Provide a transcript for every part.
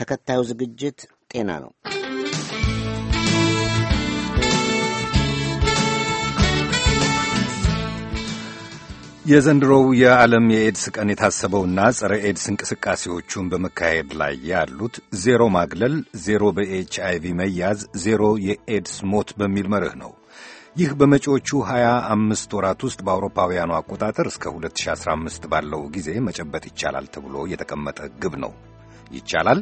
ተከታዩ ዝግጅት ጤና ነው። የዘንድሮው የዓለም የኤድስ ቀን የታሰበውና ጸረ ኤድስ እንቅስቃሴዎቹን በመካሄድ ላይ ያሉት ዜሮ ማግለል፣ ዜሮ በኤች መያዝ፣ ዜሮ የኤድስ ሞት በሚል መርህ ነው። ይህ በመጪዎቹ 25 ወራት ውስጥ በአውሮፓውያኑ አቆጣጠር እስከ 2015 ባለው ጊዜ መጨበጥ ይቻላል ተብሎ የተቀመጠ ግብ ነው። ይቻላል።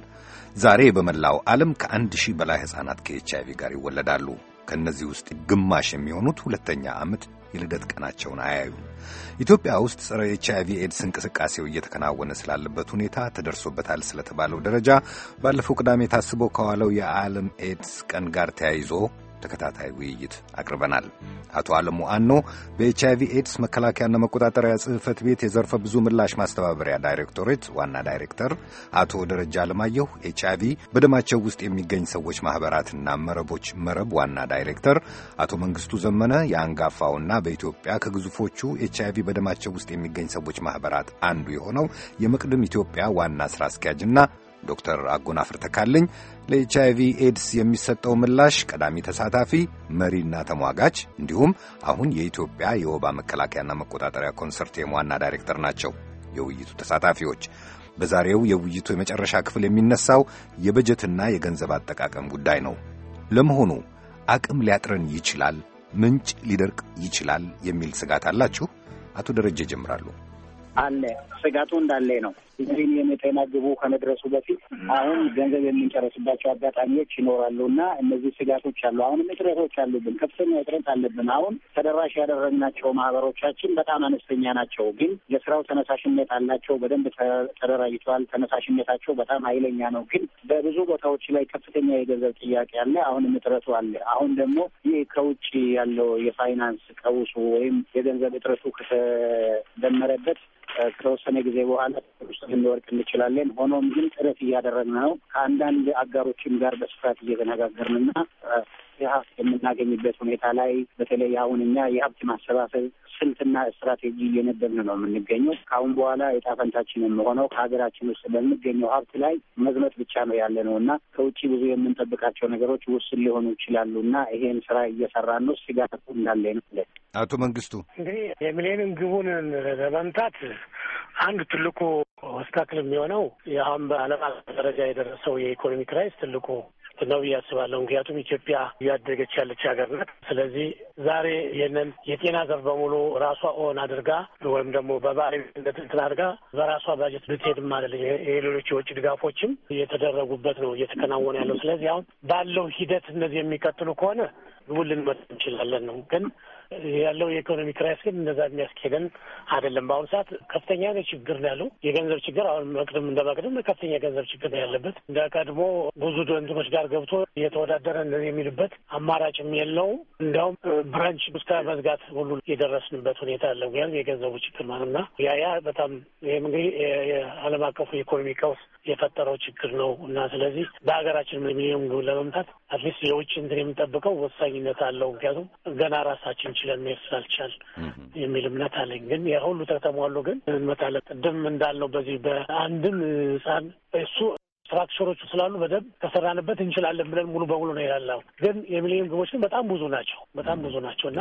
ዛሬ በመላው ዓለም ከአንድ ሺህ በላይ ሕፃናት ከኤች አይቪ ጋር ይወለዳሉ። ከእነዚህ ውስጥ ግማሽ የሚሆኑት ሁለተኛ ዓመት የልደት ቀናቸውን አያዩ። ኢትዮጵያ ውስጥ ጸረ ኤች አይቪ ኤድስ እንቅስቃሴው እየተከናወነ ስላለበት ሁኔታ ተደርሶበታል ስለተባለው ደረጃ ባለፈው ቅዳሜ ታስቦ ከዋለው የዓለም ኤድስ ቀን ጋር ተያይዞ ተከታታይ ውይይት አቅርበናል። አቶ አለሙ አኖ በኤች አይቪ ኤድስ መከላከያና መቆጣጠሪያ ጽህፈት ቤት የዘርፈ ብዙ ምላሽ ማስተባበሪያ ዳይሬክቶሬት ዋና ዳይሬክተር፣ አቶ ደረጃ አለማየሁ ኤች አይቪ በደማቸው ውስጥ የሚገኝ ሰዎች ማኅበራትና መረቦች መረብ ዋና ዳይሬክተር፣ አቶ መንግስቱ ዘመነ የአንጋፋውና በኢትዮጵያ ከግዙፎቹ ኤች አይቪ በደማቸው ውስጥ የሚገኝ ሰዎች ማኅበራት አንዱ የሆነው የመቅደም ኢትዮጵያ ዋና ስራ አስኪያጅና ዶክተር አጎናፍር ተካልኝ ለኤች አይቪ ኤድስ የሚሰጠው ምላሽ ቀዳሚ ተሳታፊ መሪና ተሟጋች እንዲሁም አሁን የኢትዮጵያ የወባ መከላከያና መቆጣጠሪያ ኮንሰርቲየም ዋና ዳይሬክተር ናቸው። የውይይቱ ተሳታፊዎች በዛሬው የውይይቱ የመጨረሻ ክፍል የሚነሳው የበጀትና የገንዘብ አጠቃቀም ጉዳይ ነው። ለመሆኑ አቅም ሊያጥረን ይችላል፣ ምንጭ ሊደርቅ ይችላል የሚል ስጋት አላችሁ? አቶ ደረጀ ይጀምራሉ። አለ ስጋቱ እንዳለ ነው። ሚሊኒየም የጤና ግቡ ከመድረሱ በፊት አሁን ገንዘብ የምንጨረስባቸው አጋጣሚዎች ይኖራሉ እና እነዚህ ስጋቶች አሉ። አሁንም እጥረቶች አሉብን፣ ከፍተኛ እጥረት አለብን። አሁን ተደራሽ ያደረግናቸው ማህበሮቻችን በጣም አነስተኛ ናቸው፣ ግን የስራው ተነሳሽነት አላቸው። በደንብ ተደራጅተዋል። ተነሳሽነታቸው በጣም ኃይለኛ ነው፣ ግን በብዙ ቦታዎች ላይ ከፍተኛ የገንዘብ ጥያቄ አለ። አሁንም እጥረቱ አለ። አሁን ደግሞ ይህ ከውጭ ያለው የፋይናንስ ቀውሱ ወይም የገንዘብ እጥረቱ ከተደመረበት ከተወሰነ ጊዜ በኋላ ውስጥ ልንወርቅ እንችላለን። ሆኖም ግን ጥረት እያደረግን ነው። ከአንዳንድ አጋሮችም ጋር በስፋት እየተነጋገርንና ሀብት የምናገኝበት ሁኔታ ላይ በተለይ አሁን እኛ የሀብት ማሰባሰብ ስልትና ስትራቴጂ እየነበብን ነው የምንገኘው። ከአሁን በኋላ የጣፈንታችን ፈንታችን የምሆነው ከሀገራችን ውስጥ በሚገኘው ሀብት ላይ መዝመት ብቻ ነው ያለ ነው እና ከውጭ ብዙ የምንጠብቃቸው ነገሮች ውስን ሊሆኑ ይችላሉ እና ይሄን ስራ እየሰራ ነው። ስጋት እንዳለ ነው። አቶ መንግስቱ እንግዲህ የሚሌንም ግቡን ለመምታት አንድ ትልቁ ኦብስታክል የሚሆነው የአሁን በዓለም አቀፍ ደረጃ የደረሰው የኢኮኖሚ ክራይስ ትልቁ ነው ብዬ አስባለሁ። ምክንያቱም ኢትዮጵያ እያደገች ያለች ሀገር ናት። ስለዚህ ዛሬ ይህንን የጤና ዘርፍ በሙሉ ራሷ ኦን አድርጋ ወይም ደግሞ በባለቤትነት እንትን አድርጋ በራሷ ባጀት ብትሄድም አለ የሌሎች የውጭ ድጋፎችም እየተደረጉበት ነው እየተከናወነ ያለው። ስለዚህ አሁን ባለው ሂደት እነዚህ የሚቀጥሉ ከሆነ ግቡን ልንመጥ እንችላለን ነው። ግን ያለው የኢኮኖሚ ክራይስ ግን እንደዛ የሚያስኬደን አይደለም። በአሁኑ ሰዓት ከፍተኛ የሆነ ችግር ነው ያለው የገንዘብ ችግር። አሁን መቅድም እንደ መቅድም ከፍተኛ ገንዘብ ችግር ነው ያለበት። እንደ ቀድሞ ብዙ ድንትኖች ጋር ገብቶ እየተወዳደረ የሚልበት አማራጭም የለውም። እንዲያውም ብራንች እስከ መዝጋት ሁሉ የደረስንበት ሁኔታ አለ። ምክንያቱም የገንዘቡ ችግር ማለት እና ያ ያ በጣም ይህም እንግዲህ የዓለም አቀፉ የኢኮኖሚ ቀውስ የፈጠረው ችግር ነው እና ስለዚህ በሀገራችን ሚሊዮን ግብ ለመምታት አትሊስት የውጭ እንትን የምንጠብቀው ወሳኝነት አለው። ምክንያቱም ገና ራሳችን ችለን መሄድ ስላልቻል የሚል እምነት አለኝ። ግን ያ ሁሉ ተተሟሉ ግን እንመታለን። ቅድም እንዳልነው በዚህ በአንድም ህፃን እሱ ስትራክቸሮቹ ስላሉ በደንብ ከሰራንበት እንችላለን ብለን ሙሉ በሙሉ ነው ይላለው። ግን የሚሊኒየም ግቦች በጣም ብዙ ናቸው፣ በጣም ብዙ ናቸው እና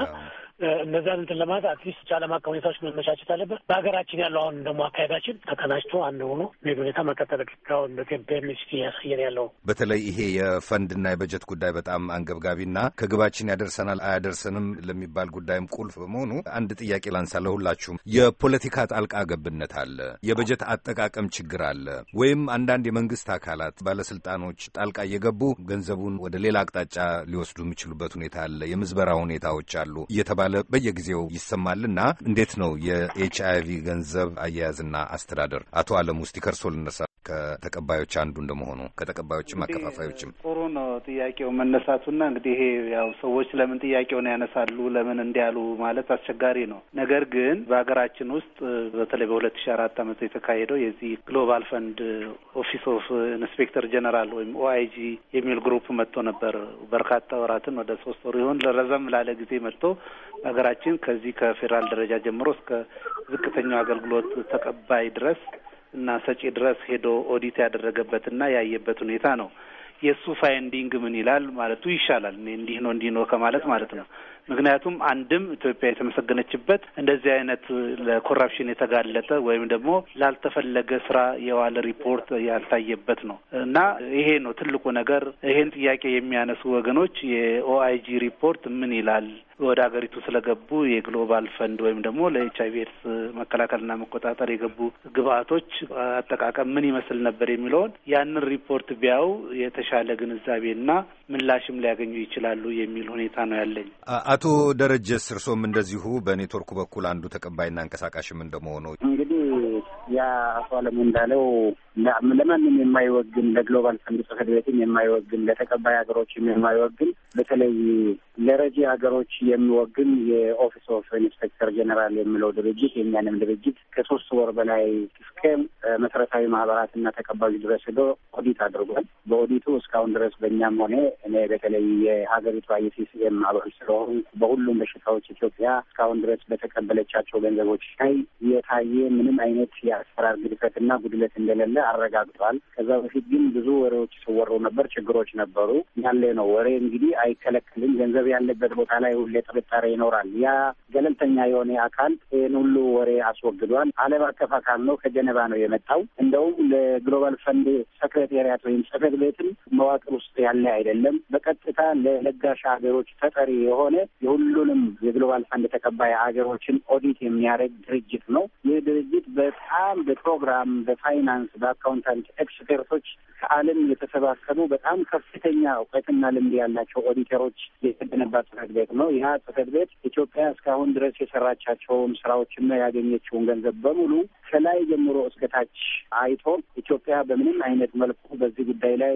እነዚያን እንትን ለማለት አትሊስት የዓለም አቀፍ ሁኔታዎች መመቻቸት አለበት። በሀገራችን ያለው አሁን ደግሞ አካሄዳችን ተቀናጅቶ አንድ ሆኖ ሜድ ሁኔታ መቀጠል ሁን በሚስቲ ያሳየን ያለው በተለይ ይሄ የፈንድና የበጀት ጉዳይ በጣም አንገብጋቢና ከግባችን ያደርሰናል አያደርሰንም ለሚባል ጉዳይም ቁልፍ በመሆኑ አንድ ጥያቄ ላንሳ ለሁላችሁም። የፖለቲካ ጣልቃ ገብነት አለ፣ የበጀት አጠቃቀም ችግር አለ ወይም አንዳንድ የመንግስት አካላት ባለስልጣኖች ጣልቃ እየገቡ ገንዘቡን ወደ ሌላ አቅጣጫ ሊወስዱ የሚችሉበት ሁኔታ አለ፣ የምዝበራ ሁኔታዎች አሉ እየተባለ በየጊዜው ይሰማልና እንዴት ነው የኤች አይ ቪ ገንዘብ አያያዝና አስተዳደር? አቶ አለም ውስጥ ይከርሶ ልነሳ ከተቀባዮች አንዱ እንደመሆኑ ከተቀባዮችም አከፋፋዮችም ጥሩ ነው ጥያቄው መነሳቱና እንግዲህ ይሄ ያው ሰዎች ለምን ጥያቄውን ያነሳሉ ለምን እንዲያሉ ማለት አስቸጋሪ ነው። ነገር ግን በሀገራችን ውስጥ በተለይ በሁለት ሺ አራት አመት የተካሄደው የዚህ ግሎባል ፈንድ ኦፊስ ኦፍ ኢንስፔክተር ጀነራል ወይም ኦአይጂ የሚል ግሩፕ መጥቶ ነበር። በርካታ ወራትን ወደ ሶስት ወር ይሆን ለረዘም ላለ ጊዜ መጥቶ ሀገራችን ከዚህ ከፌዴራል ደረጃ ጀምሮ እስከ ዝቅተኛው አገልግሎት ተቀባይ ድረስ እና ሰጪ ድረስ ሄዶ ኦዲት ያደረገበትና ያየበት ሁኔታ ነው። የእሱ ፋይንዲንግ ምን ይላል ማለቱ ይሻላል፣ እንዲህ ነው እንዲህ ነው ከማለት ማለት ነው። ምክንያቱም አንድም ኢትዮጵያ የተመሰገነችበት እንደዚህ አይነት ለኮራፕሽን የተጋለጠ ወይም ደግሞ ላልተፈለገ ስራ የዋለ ሪፖርት ያልታየበት ነው እና ይሄ ነው ትልቁ ነገር። ይሄን ጥያቄ የሚያነሱ ወገኖች የኦአይጂ ሪፖርት ምን ይላል ወደ ሀገሪቱ ስለገቡ የግሎባል ፈንድ ወይም ደግሞ ለኤች አይቪ ኤድስ መከላከልና መቆጣጠር የገቡ ግብአቶች አጠቃቀም ምን ይመስል ነበር የሚለውን ያንን ሪፖርት ቢያው የተሻለ ግንዛቤና ምላሽም ሊያገኙ ይችላሉ የሚል ሁኔታ ነው ያለኝ። አቶ ደረጀስ እርሶም እንደዚሁ በኔትወርኩ በኩል አንዱ ተቀባይና አንቀሳቃሽም እንደመሆኑ እንግዲህ ያ አቶ አለሙ እንዳለው ለማንም የማይወግን ለግሎባል ፈንድ ጽሕፈት ቤትም የማይወግን ለተቀባይ ሀገሮችም የማይወግን በተለይ ለረጂ ሀገሮች የሚወግን የኦፊስ ኦፍ ኢንስፔክተር ጀኔራል የሚለው ድርጅት የእኛንም ድርጅት ከሶስት ወር በላይ እስከ መሰረታዊ ማህበራትና ተቀባዩ ድረስ ሄዶ ኦዲት አድርጓል። በኦዲቱ እስካሁን ድረስ በእኛም ሆነ እኔ በተለይ የሀገሪቷ የሲሲኤም አባል ስለሆኑ በሁሉም በሽታዎች ኢትዮጵያ እስካሁን ድረስ በተቀበለቻቸው ገንዘቦች ላይ የታየ ምንም አይነት የአሰራር ግድፈትና ጉድለት እንደሌለ አረጋግጧል። ከዛ በፊት ግን ብዙ ወሬዎች ሲወሩ ነበር፣ ችግሮች ነበሩ። ያለ ነው ወሬ እንግዲህ አይከለከልም። ገንዘብ ያለበት ቦታ ላይ ሁሌ ጥርጣሬ ይኖራል። ያ ገለልተኛ የሆነ አካል ይህን ሁሉ ወሬ አስወግዷል። ዓለም አቀፍ አካል ነው፣ ከጀነባ ነው የመጣው። እንደውም ለግሎባል ፈንድ ሰክሬቴሪያት ወይም ጽህፈት ቤትም መዋቅር ውስጥ ያለ አይደለም። በቀጥታ ለለጋሽ ሀገሮች ተጠሪ የሆነ የሁሉንም የግሎባል ፈንድ ተቀባይ ሀገሮችን ኦዲት የሚያደርግ ድርጅት ነው። ይህ ድርጅት በጣም በፕሮግራም በፋይናንስ በአካውንታንት ኤክስፐርቶች ከዓለም የተሰባሰቡ በጣም ከፍተኛ እውቀትና ልምድ ያላቸው ኦዲተሮች የተገነባ ጽህፈት ቤት ነው። ያ ጽህፈት ቤት ኢትዮጵያ እስካሁን ድረስ የሰራቻቸውን ስራዎችና ያገኘችውን ገንዘብ በሙሉ ከላይ ጀምሮ እስከታች አይቶ ኢትዮጵያ በምንም አይነት መልኩ በዚህ ጉዳይ ላይ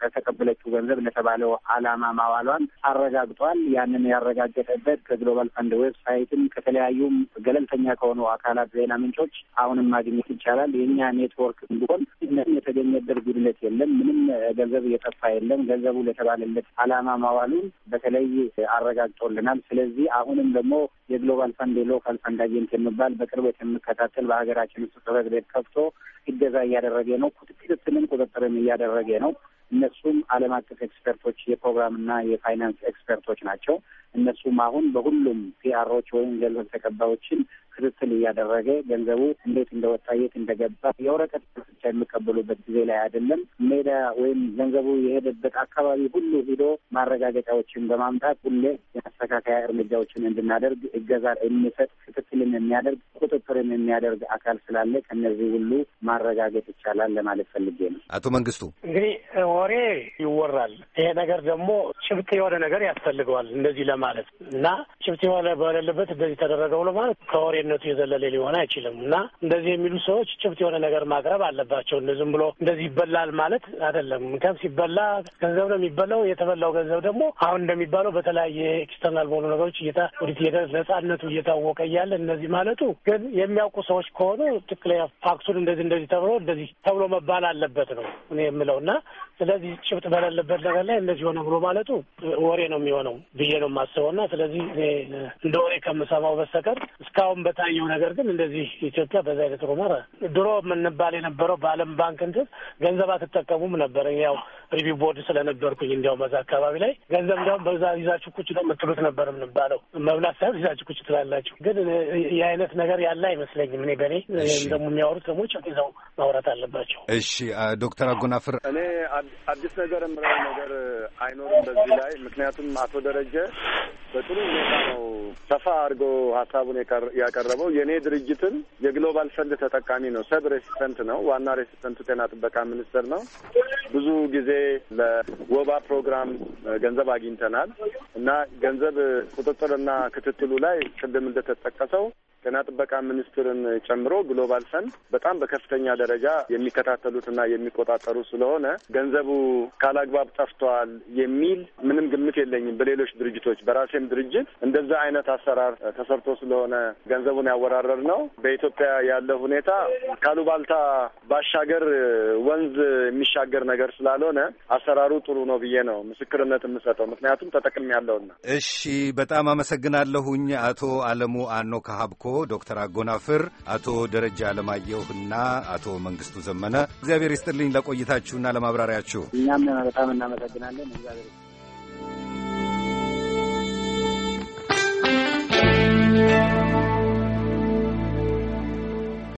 ከተቀበለችው ገንዘብ ለተባለው አላማ ማዋሏን አረጋግጧል። ያንን ያረጋገጠበት ከግሎባል ፈንድ ዌብሳይትም ከተለያዩም ገለልተኛ ከሆኑ አካላት ዜና ምንጮች አሁንም ማግኘት ይቻላል። የኛ ኔትወርክ እንዲሆን ምንም የተገኘበት ጉድለት የለም። ምንም ገንዘብ እየጠፋ የለም። ገንዘቡ ለተባለለት አላማ ማዋሉን በተለይ አረጋግጦልን ጀምረናል። ስለዚህ አሁንም ደግሞ የግሎባል ፈንድ የሎካል ፈንድ አጀንት የሚባል በቅርበት የምከታተል በሀገራችን ውስጥ ጽሕፈት ቤት ከፍቶ እገዛ እያደረገ ነው። ክትትልም ቁጥጥርም እያደረገ ነው። እነሱም ዓለም አቀፍ ኤክስፐርቶች የፕሮግራምና የፋይናንስ ኤክስፐርቶች ናቸው። እነሱም አሁን በሁሉም ፒአሮች ወይም ገንዘብ ተቀባዮችን ክትትል እያደረገ ገንዘቡ እንዴት እንደወጣ የት እንደገባ የወረቀት ብቻ የሚቀበሉበት ጊዜ ላይ አይደለም። ሜዳ ወይም ገንዘቡ የሄደበት አካባቢ ሁሉ ሂዶ ማረጋገጫዎችን በማምጣት ሁሌ የማስተካከያ እርምጃዎችን እንድናደርግ እገዛ የሚሰጥ ክትትልን የሚያደርግ ቁጥጥርን የሚያደርግ አካል ስላለ ከነዚህ ሁሉ ማረጋገጥ ይቻላል ለማለት ፈልጌ ነው። አቶ መንግስቱ እንግዲህ ወሬ ይወራል። ይሄ ነገር ደግሞ ጭብጥ የሆነ ነገር ያስፈልገዋል እንደዚህ ለማለት እና ጭብጥ የሆነ በሌለበት እንደዚህ ተደረገው ለማለት ከወሬ ኃላፊነቱ የዘለለ ሊሆን አይችልም እና እንደዚህ የሚሉ ሰዎች ጭብጥ የሆነ ነገር ማቅረብ አለባቸው። ዝም ብሎ እንደዚህ ይበላል ማለት አይደለም። ምክንያቱም ሲበላ ገንዘብ ነው የሚበላው። የተበላው ገንዘብ ደግሞ አሁን እንደሚባለው በተለያየ ኤክስተርናል በሆኑ ነገሮች ወዲት ነጻነቱ እየታወቀ እያለ እነዚህ ማለቱ ግን የሚያውቁ ሰዎች ከሆኑ ትክክለኛ ፋክሱን እንደዚህ እንደዚህ ተብሎ እንደዚህ ተብሎ መባል አለበት ነው እኔ የምለው እና ስለዚህ ጭብጥ በሌለበት ነገር ላይ እንደዚህ ሆነ ብሎ ማለቱ ወሬ ነው የሚሆነው ብዬ ነው የማስበው እና ስለዚህ እንደ ወሬ ከምሰማው በስተቀር እስካሁን በታ የሚያሳየው ነገር ግን እንደዚህ ኢትዮጵያ በዛ አይነት ሮመር ድሮ የምንባል የነበረው በዓለም ባንክ እንትን ገንዘብ አትጠቀሙም ነበር። ያው ሪቪው ቦርድ ስለነበርኩኝ እንዲያው በዛ አካባቢ ላይ ገንዘብ እንዲያውም በዛ ይዛችሁ ቁጭ ነው የምትሉት ነበር የምንባለው። መብላት ሳይሆን ይዛችሁ ቁጭ ትላላችሁ። ግን የአይነት ነገር ያለ አይመስለኝም። እኔ በእኔ ደግሞ የሚያወሩት ሰዎች ይዘው ማውራት አለባቸው። እሺ ዶክተር አጎናፍር እኔ አዲስ ነገር የምለው ነገር አይኖርም በዚህ ላይ ምክንያቱም አቶ ደረጀ በጥሩ ሁኔታ ነው ሰፋ አድርጎ ሀሳቡን ያቀረበው። የእኔ ድርጅትን የግሎባል ፈንድ ተጠቃሚ ነው። ሰብ ሬሲስተንት ነው። ዋና ሬሲስተንቱ ጤና ጥበቃ ሚኒስቴር ነው። ብዙ ጊዜ ለወባ ፕሮግራም ገንዘብ አግኝተናል እና ገንዘብ ቁጥጥርና ክትትሉ ላይ ቅድም እንደተጠቀሰው ጤና ጥበቃ ሚኒስትርን ጨምሮ ግሎባል ፈንድ በጣም በከፍተኛ ደረጃ የሚከታተሉትና የሚቆጣጠሩ ስለሆነ ገንዘቡ ካላግባብ ጠፍተዋል የሚል ምንም ግምት የለኝም። በሌሎች ድርጅቶች በራሴም ድርጅት እንደዛ አይነት አሰራር ተሰርቶ ስለሆነ ገንዘቡን ያወራረር ነው። በኢትዮጵያ ያለው ሁኔታ ካሉባልታ ባሻገር ወንዝ የሚሻገር ነገር ስላልሆነ አሰራሩ ጥሩ ነው ብዬ ነው ምስክርነት የምሰጠው፣ ምክንያቱም ያለውና። እሺ፣ በጣም አመሰግናለሁኝ አቶ አለሙ አኖ ከሀብኮ ዶክተር አጎናፍር፣ አቶ ደረጃ አለማየሁና አቶ መንግስቱ ዘመነ እግዚአብሔር ይስጥልኝ ለቆይታችሁና ለማብራሪያችሁ። እኛም በጣም እናመሰግናለን። እግዚአብሔር